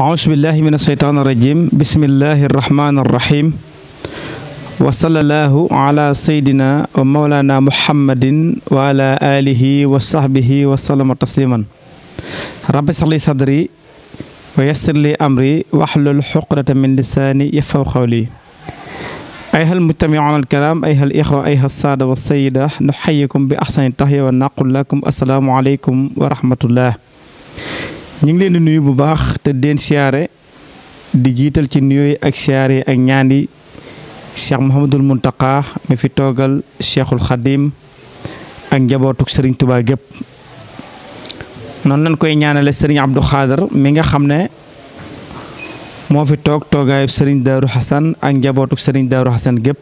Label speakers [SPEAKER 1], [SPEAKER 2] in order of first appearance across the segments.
[SPEAKER 1] أعوذ بالله من الشيطان الرجيم بسم الله الرحمن الرحيم وصلى الله على سيدنا ومولانا محمد وعلى آله وصحبه وسلم تسليما رب اشرح لي صدري ويسر لي أمري واحلل حقدة من لساني يفقهوا قولي أيها المتمعون الكرام أيها الإخوة أيها السادة والسيدة نحييكم بأحسن التحية ونقول لكم السلام عليكم ورحمة الله ñu ngi leen di nuyu bu baax te den siyaare di jiital ci nuyooyu ak siyaare yi ak ñaan yi Cheikh Mouhamadul Mountakha mi fi toogal Cheikhul Khadim ak njabootuk sëriñ tubaa gépp noonu lañ koy ñaanale Serigne Abdou Khader mi nga xam ne moo fi toog toogaayu sëriñ Darou Hassan ak njabootuk Serigne Darou Hassan gépp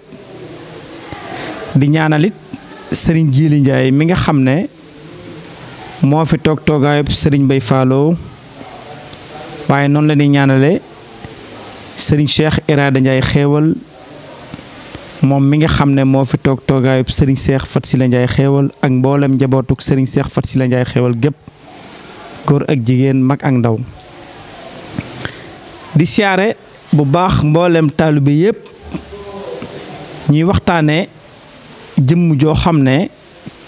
[SPEAKER 1] di ñaanalit Serigne Djili Ndiaye mi nga xam ne moo fi toog toogaayub sëriñ Bay Faalo waaye noonu la ñuy ñaanale sëriñ Cheikh Irada Ndiaye xeewal moom mi nga xam ne moo fi toog toogaayub sëriñ seex Fat Sila Ndiaye xéewal ak mboolem njabootug sëriñ Cheikh Fat Sila Ndiaye xéewal gépp góor ak jigéen mag ak ndaw di siyaare bu baax mboolem taalibe yépp ñuy waxtaane jëmm joo xam ne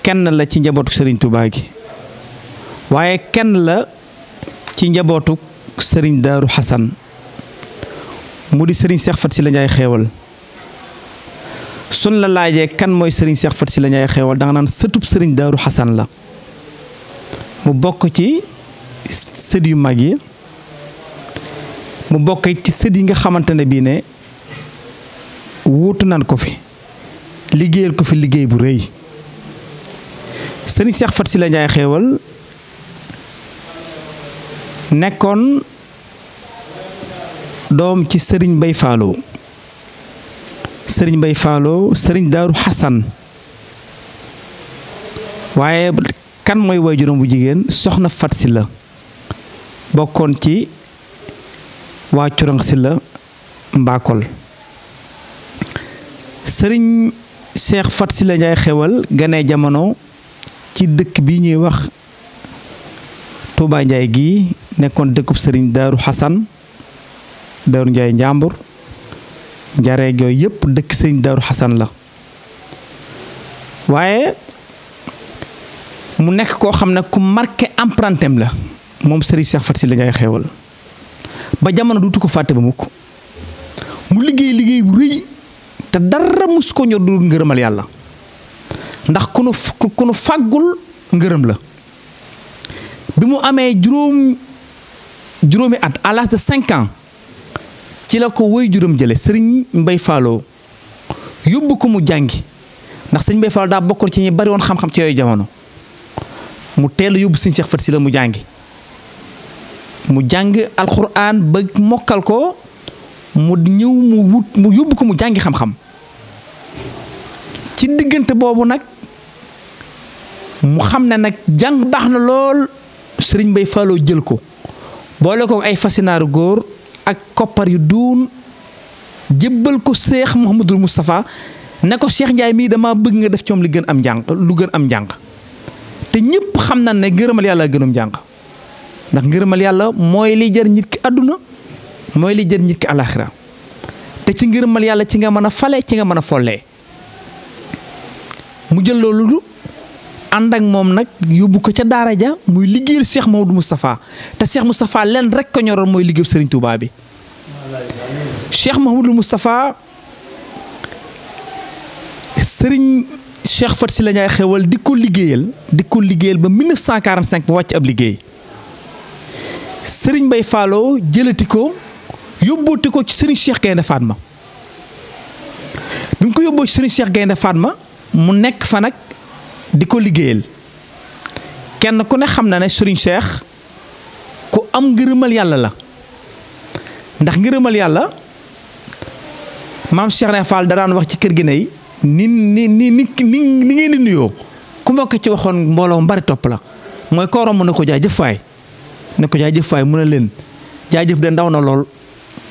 [SPEAKER 1] kenn la ci njabootu sëriñ Touba gi waaye kenn la ci njabootuk sëriñ daaru xasan mu di sëriñ seex fat si la njaay xeewal sun la laajee kan mooy sëriñ seex fat si la njaay xeewal danga naan sëtub sëriñ daaru xasan la mu bokk ci sët yu mag yi mu bokk ci sët yi nga xamante ne bii ne wuutu nan ko fi liggéeyal ko fi liggéey bu rëy sëriñ seex fat si la njaay xeewal nekkoon doom ci sëriñ bay faalo sëriñ bay faalo sëriñ daaru xasan waaye kan mooy waajuram bu jigéen soxna fatsi la bokkoon ci waa curang la mbaakol sëriñ seex fat si la njaay xewal gane jamono ci dëkk bi ñuy wax Touba Njaay gi nekkoon serigne daru hasan daru daaru njambur njàmbur ak yoy yep dekk serigne daru hasan la waye mu nekk ko xamne ku marqué empreinte la mom serigne Cheikh fatil ngay xewal ba jamono duutu ko fàtte ba muko mu liggey liggey bu reuy te dara mus ñor du ngeureumal yalla ndax kunu kunu fagul ngeureum la bimu amé juroom juróomi at à l'âge de cinq ans ci la ko woy juróom jële sëriñ Mbay Fallou yóbbu ko mu jàngi ndax sëriñ Mbay Fallou daa bokkoon ci ñi bari woon xam-xam ci yooyu jamono mu teel a yóbbu sëriñ Cheikh Faty Sylla mu jàngi mu jàng alxuraan ba mokkal ko mu ñëw mu wut yóbbu ko mu jàngi xam-xam ci diggante boobu nag mu xam ne nag jàng baax na lool sëriñ Mbay Fallou jël ko boole ko ay fasinaaru góor ak koppar yu duun jëbbal ko seex Mouhamadul Moustapha ne ko Cheikh Ndiaye mii dama bëgg nga def ci li gën am njàng lu gën am njàng te ñëpp xam na ne ngërëmal yàlla gënum njàng ndax ngërëmal yàlla mooy li jar nit ki àdduna mooy li jar nit ki alaxira te ci ngërëmal yàlla ci nga mën a fale ci nga mën a follee mu jël loolu ànd ak moom nag yóbbu ko ca daara ja muy liggéeyal Cheikh Maodo Moustapha te Cheikh Moustapha leen rek ko ñoroon mooy liggéeyal Serigne Touba bi. Cheikh Mahamadou Moustapha Serigne Cheikh Faty Sylla xewal di ko liggéeyal di ko liggéeyal ba 1945 ba wàcc ab liggéey Serigne Bay Fallou jëlati ko yóbbooti ko ci Serigne Cheikh Gaynde Fatma bi mu ko yóbboo ci Serigne Cheikh Gaynde Fatma mu nekk fa nag. di ko liggéeyal kenn ku ne xam na ne suriñ Cheikh ku am ngërëmal yàlla la ndax ngërëmal yàlla maam Cheikh ne Fall da daan wax ci kër gi ne ni ni ni ni ni ngeen di nuyoo ku ma ko ci waxoon mbooloo mbari topp la mooy koo romb ne ko jaajëf faay ne ko jaajëf faay mu ne leen jaajëf de ndaw na lool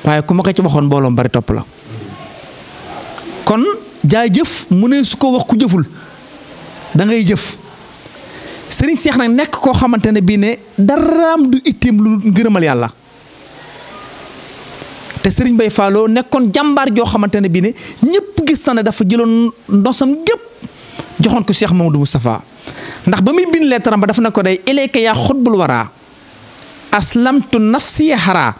[SPEAKER 1] waaye ku ma ko ci waxoon mbooloo bari topp la kon jaajëf mu ne su ko wax ku jëful. dangay jëf sëriñ seex nag nekk koo xamante ne bii ne daraam du itteem lu ngërëmal yàlla te sëriñ bay faaloo nekkoon jàmbaar joo xamante ne bii ne ñëpp gis na ne dafa jëloon ndosam gépp joxoon ko Cheikh Mamadou Moustapha ndax ba muy bind leetaram ba dafa ne ko day ilayka yaa xutbul waraa aslamtu nafsi xaraa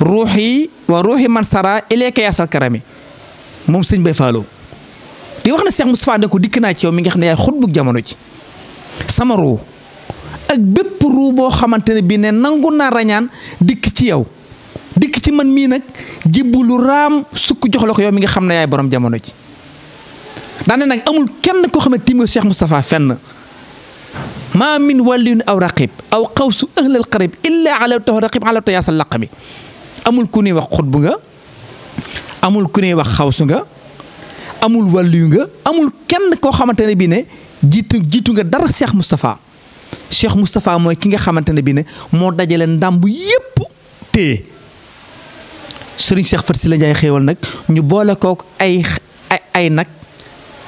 [SPEAKER 1] ruuxi wa ruuxi man sara ilayka yaa sal moom sëriñ bay faaloo di wax na Cheikh Moustapha ne ko dikk naa ci yow mi nga xam ne yaay xutbug jamono ji sama ruu ak bépp ruu boo xamante ne bii ne nangu naa rañaan dikk ci yow dikk ci man mii nag jibbu lu raam sukk jox la ko yow mi nga xam ne yaay boroom jamono ji daane nag amul kenn koo xam ne tiimee Cheikh Moustapha fenn maam min waliyun aw raqib aw xawsu ahlal qarib illaa alawtahu raqib alawta bi amul ku nuy wax xutbu nga amul ku nuy wax xaw su nga amul wàllu nga amul kenn koo xamante ne bii ne jiitu jiitu nga dara Cheikh Moustapha Cheikh Moustapha mooy ki nga xamante ne bii ne moo dajale ndàmb yépp téye sëriñ Cheikh si Sylla Ndiaye xéewal nag ñu boole kook ay ay nag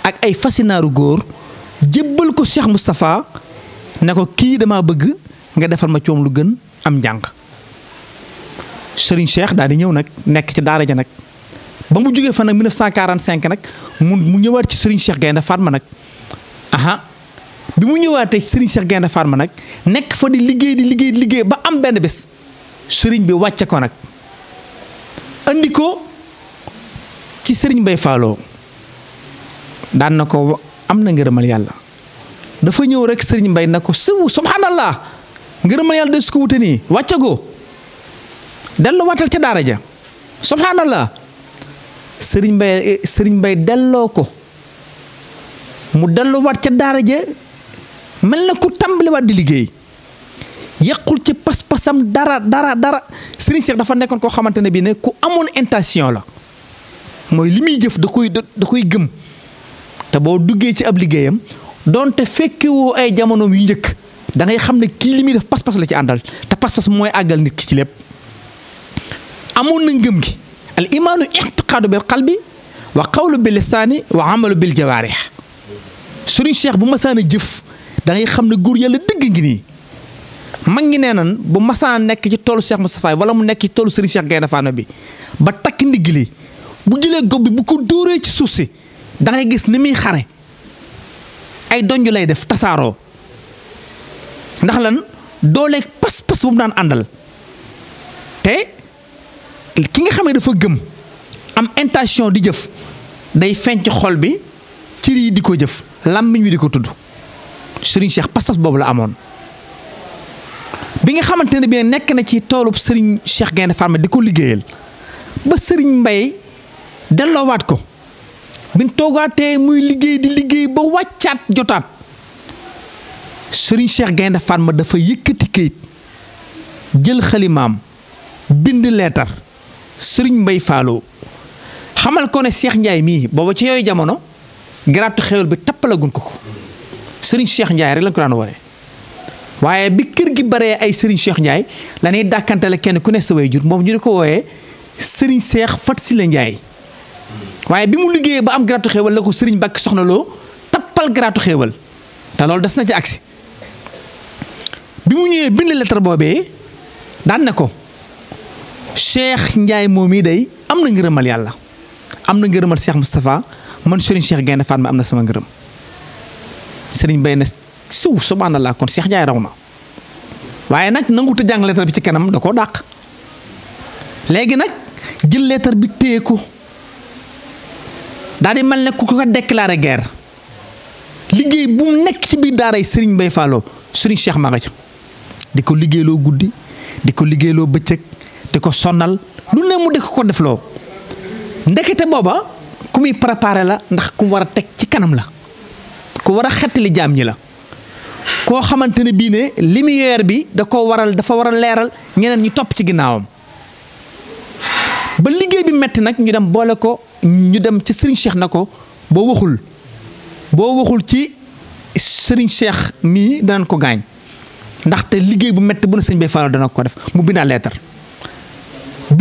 [SPEAKER 1] ak ay fasinaaru góor jébbal ko Cheikh Moustapha ne ko kii dama bëgg nga defal ma coom lu gën am njàng sëriñ Cheikh daal di ñëw nag nekk ci daara ja nag ba mu joge fa nak 1945 nak mu mu ñëwaat ci Serigne Cheikh Gaynde farma nak aha bi mu ñëwaaté ci Serigne Cheikh Gaynde farma nak nek fa di liggéey di liggéey liggéey ba am benn bes Serigne bi wàcce ko nak andi ko ci Serigne mbay fallo dan nako am na ngeureumal yalla dafa ñëw rek Serigne Mbay nako subhanallah ngeureumal yalla de su ko wute nii wàcce goo dellu waatal ja subhanallah serigne bay eh, serigne bay dello ko mu delluwaat ca daara ja mel na ku wat di liggey yakul ci pas-pasam dara dara dara Sering Cheikh dafa nekkon ko xamantene bi ne ku amone intention la moy limi jëf da koy da koy gëm te bo duggé ci ab liggéeyam donte wo ay jamono yu ñëk da ngay xamne ki limi def pas-pas la ci andal ta pas-pas moy agal nit ki ci lepp amone na ngëm gi. al imaanu bi bil qalbi wa qawlu bil lisaani wa amalu bil jawaarih sëriñ Cheikh bu masaan a jëf dangay xam ne góor yàlla dëgg ngi nii mag ngi nee nan bu masaan nekk ci toolu Cheikh Moustapha wala mu nekk ci toolu sëriñ Cheikh Gaynde Fatma bi ba takk ndigg li bu jëlee gob bi bu ko dóoree ci suuf si da gis ni muy xare ay donju lay def tasaaroo ndax lan dooleeg pas-pas bu mu daan àndal te ki nga xam ne dafa gëm am intention di jëf day fenc xol bi cër yi di ko jëf làmmiñ wi di ko tudd Serigne Cheikh passage boobu la amoon bi nga xamante ne bi nekk na ci toolu Serigne Cheikh Gaynde Fatma di ko liggéeyal ba Serigne Mbaye delloowaat ko bin toogaatee muy liggéey di liggéey ba wàccaat jotaat Serigne Cheikh Gaynde Fatma dafa yëkkati kayit jël xalimaam bind leetar sëriñ Mbay Fallou xamal ko ne Cheikh Ndiaye mii booba ci yooyu jamono garaabtu xewal bi tappalagun ko ko sëriñ Cheikh Ndiaye rek lañ ko daan wooye waaye bi kër gi baree ay sëriñ Cheikh Ndiaye la ñuy dàkkantale kenn ku ne sa jur moom ñu di ko wooyee sëriñ Cheikh Fat Sila Ndiaye waaye bi mu liggéeyee ba am garaabtu xewal la ko sëriñ Bakk soxna loo tappal garaabtu xewal te loolu des na ci agsi bi mu ñëwee bind lettre boobee daan na ko. cheikh Ndiaye mumi day am ngeureumal yalla amna am cheikh mustafa man Serigne Cheikh Gaynde Fatma am na sama ngeureum Serigne bayna na subhanallah kon cheikh Ndiaye raw waye nak nangou te jang lettre bi ci kanam dako dak legui nak jël lettre bi téye ko daal di mel ku ko déclarer guerre liggey bu mu nekk ci bi daaray Serigne bay fallo Serigne Cheikh magadi diko liggey lo diko liggey lo beccëk di ko sonnal lu ne mu dëkk ko defloo ndekete booba ku muy préparé la ndax ku war a teg ci kanam la ku war a xettali jaam ñi la koo xamante ne bii ne lumière bi da ko waral dafa war a leeral ñeneen ñu topp ci ginnaawam ba liggéey bi metti nag ñu dem boole ko ñu dem ci Serigne Cheikh na ko boo waxul boo waxul ci sëriñ Cheikh mii danañ ko gaañ ndaxte liggéey bu metti bu na sëñ bee faalo dana ko def mu bindaa leetar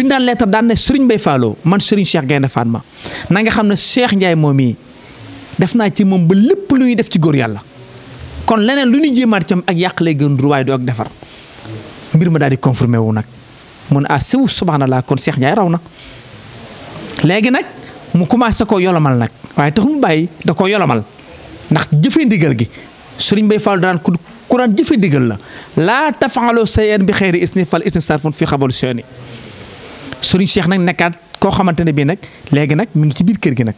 [SPEAKER 1] bindaan lettre daan ne Serigne Mbaye Fallo man Serigne Cheikh Gaynde Fatma na nanga xam ne Cheikh Ndiaye moom mii def naa ci moom ba lépp lu ñuy def ci góor yàlla kon leneen lu ñuy jéemaat ci ak yàq lay gën ruwaay doo ak defar mbir ma daal di confirmé wu nag mun a ah, sew subhanallah kon Cheikh Ndiaye raw na léegi nag mu commencé koo yolomal nag waaye tax mu bàyyi da koo yolomal ndax jëfe ndigal gi Serigne bay Fallo daan ku kuraan jëfe ndigal la laa tafaaloo sayen bi xeeri isni fal isni sarfun fi xabalu sëriñ Cheikh nag nekkaat koo xamante ne bii nag léegi nag mu ngi ci biir kër gi nag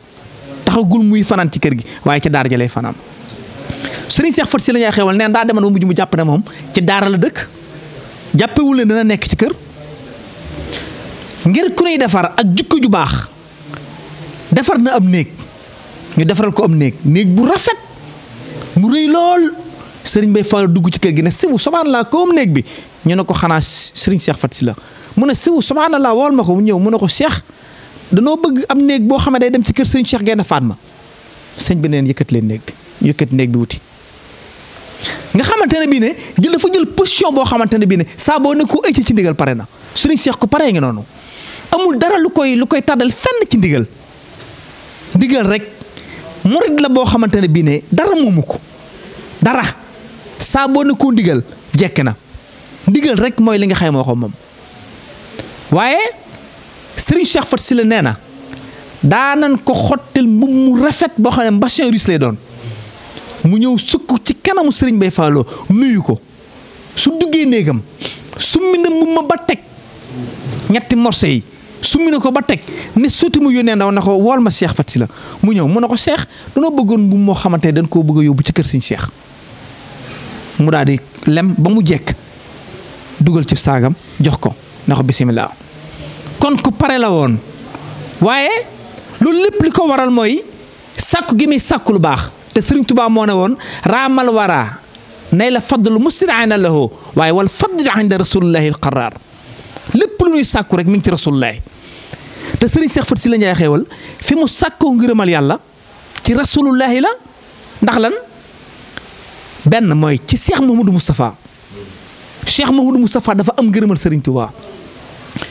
[SPEAKER 1] taxagul muy fanaan ci kër gi waaye ci daara ja lay fanaan sëriñ Cheikh Faty Sylla Ndiaye xewal neen daa demoon ba mujj mu jàpp ne moom ci daara la dëkk jàppewul ne dana nekk ci kër ngir ku nuy defar ak jukko ju baax defar na am néeg ñu defaral ko am néeg néeg bu rafet mu rëy lool sëriñ bay faal dugg ci kër gi ne sibu sobaan laa ko néeg bi ñu ne ko xanaa sëriñ Cheikh Faty la mu ne siw subhanallah wool ma ko mu ñëw mu ne ko Cheikh danoo bëgg am néeg boo xam ne day ci kër sëriñ Cheikh Gaïndé Fatma sëñ bi neen yëkkati leen néeg bi yëkkati néeg bi nga xamante ne bii ne jël fa jël position boo xamante ne bii ne saaboo boo ne ko ëcc ci ndigal pare na sëriñ seex ko paree ngi noonu amul dara lu koy lu koy tàddal fenn ci ndigal ndigal rek murid la boo xamante ne bii ne dara moomu ko dara saaboo boo ne ko ndigal jekk na ndigal rek mooy li nga xam moo ko moom waaye Serigne Cheikh Fat Sylla nee na daanan ko xottil mbubb mu rafet boo xam ne mbachin russe lay doon mu ñëw sukk ci kanamu Serigne Bay Fallou nuyu ko su duggee néegam su na mu ma ba teg ñetti morso yi summi na ko ba teg ne sotti mu yónnee ndaw na ko wool ma Cheikh Fat Sylla mu ñëw mu ne ko Cheikh danoo bëggoon mbubb moo xamante ne dañ koo bëgg a yóbbu ci kër Serigne Cheikh mu daal di lem ba mu jekk dugal cib saagam jox ko na ko bisimilah kon ku pare la woon waaye loolu lépp li ko waral mooy sàkku gi muy sàkku lu baax te Sëriñ Tuubaa moo ne woon raamal wara nay la fadlu musri'ana lahu waaye wal fadlu inda rasulillahi al qaraar lépp lu ñuy sàkku rek mi ngi ci rasulillahi te Sëriñ Seex Faty Sylla fi mu sàkkoo ngërëmal yàlla ci rasulillahi la ndax lan benn mooy ci Seex Muhammadu Moustapha Cheikh Mouhamadou Moustapha dafa am ngërëmal Serigne Touba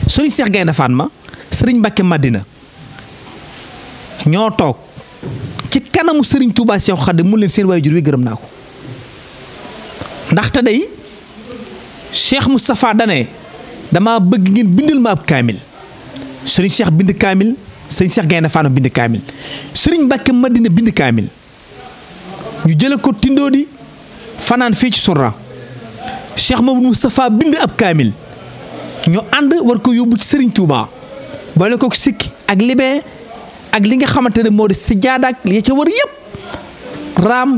[SPEAKER 1] Serigne Cheikh Gaynde ma Serigne Mbacke màddina ñoo toog ci kanamu Serigne Touba Cheikh Khadim mu leen seen waajur wi gërëm naa ko ndaxte day Cheikh Moustapha dane dama bëgg ngeen bindal ma ab kaamil Serigne Cheikh bind kaamil Serigne Cheikh Gaynde Fatma bind kaamil Serigne Mbacke Madina bind kaamil ñu jële ko tindoo di fanaan fii ci sunra Cheikh Mamadou Moustapha bind ab kaamil ñoo ànd war ko yóbbu ci Serigne Touba ko sikki ak libee ak li nga xamante ne moo di si jaadaak li ca war yëpp raam